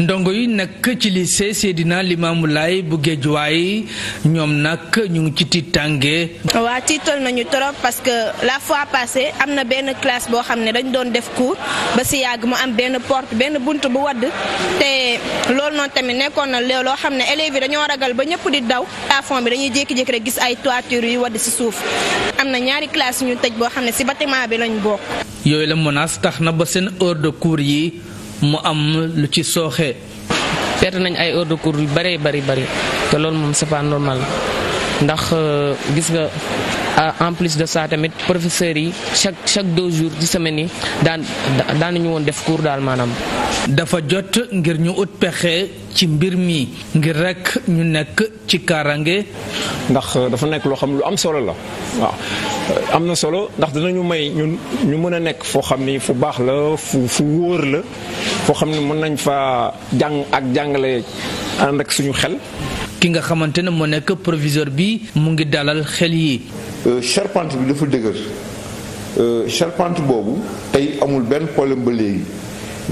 ndongo yu nag ci lycée Seydina Limamou Laye bu Guédiawaye ñoom nag ñu ngi ci tiitange. waa tiital nañu trop parce que la fois passée am na benn classe boo xam ne dañ doon def cours ba si yàgg mu am benn porte benn bunt bu wadd te loolu noonu tamit nekkoon na loo xam ne élèves dañoo ragal ba ñëpp di daw plafond bi dañuy jékki-jékki rek gis ay toiture yu wadd si suuf am na ñaari classe ñu tëj boo xam ne si batiment bi lañ bokk. yooyu la menace tax na ba seen heure de cours yi. mu am lu ci sooxee perte nañ ay heures de yu bëree bëri bari te loolu moom c'est pas normal ndax euh, gis nga en plus de saa tamit professeurs yi chaque chaque deux jours di semaine yi daan daanuñu woon def cours daal maanaam. dafa jot ngir ñu ut pexe ci mbir mi ngir rek ñu nekk ci kaaraange. ndax euh, dafa nekk loo xam lu am solo la waaw euh, am na solo ndax danañu may ñun ñu mën a nekk foo xam ni fu baax la fu fu wóor la foo xam ni mën nañ fa jàng ak jàngale ànd ak suñu xel. ki nga xamante ne moo nekk proviseur bi mu ngi dalal xel yi. Euh, charpente bi dafa dëgër euh, charpente boobu tey amul benn problème ba léegi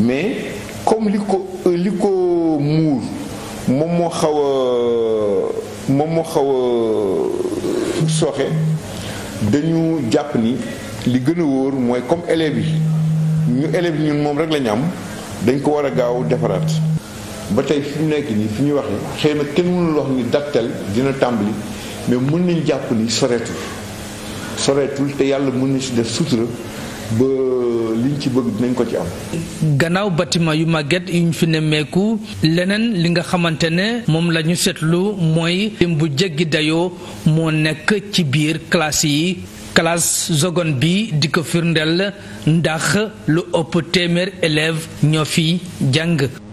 mais comme li ko euh, li ko muur moom moo xaw a moom moo xaw a sooxe dañu jàpp ni li gën a wóor mooy comme élèves yi ñu élèves yi ñun moom rek lañu am dañ ko war a gaaw defaraat. ba tey fi nii fi ñuy waxee xëy na kenn mënul wax ni dattel dina tàmbali mais mën nañ jàpp ni soreetul soreetul te yàlla mën na si def sutura ba liñ ci bëgg dinañ ko ci am. gannaaw bâtiment yu màgget ñu fi nemmeeku leneen li nga xamante ne moom la ñu seetlu mooy lim bu jéggi dayoo moo nekk ci biir classe yi. classe zogon bi di ko firndeel ndax lu ëpp téeméer élèves ñoo fi jàng.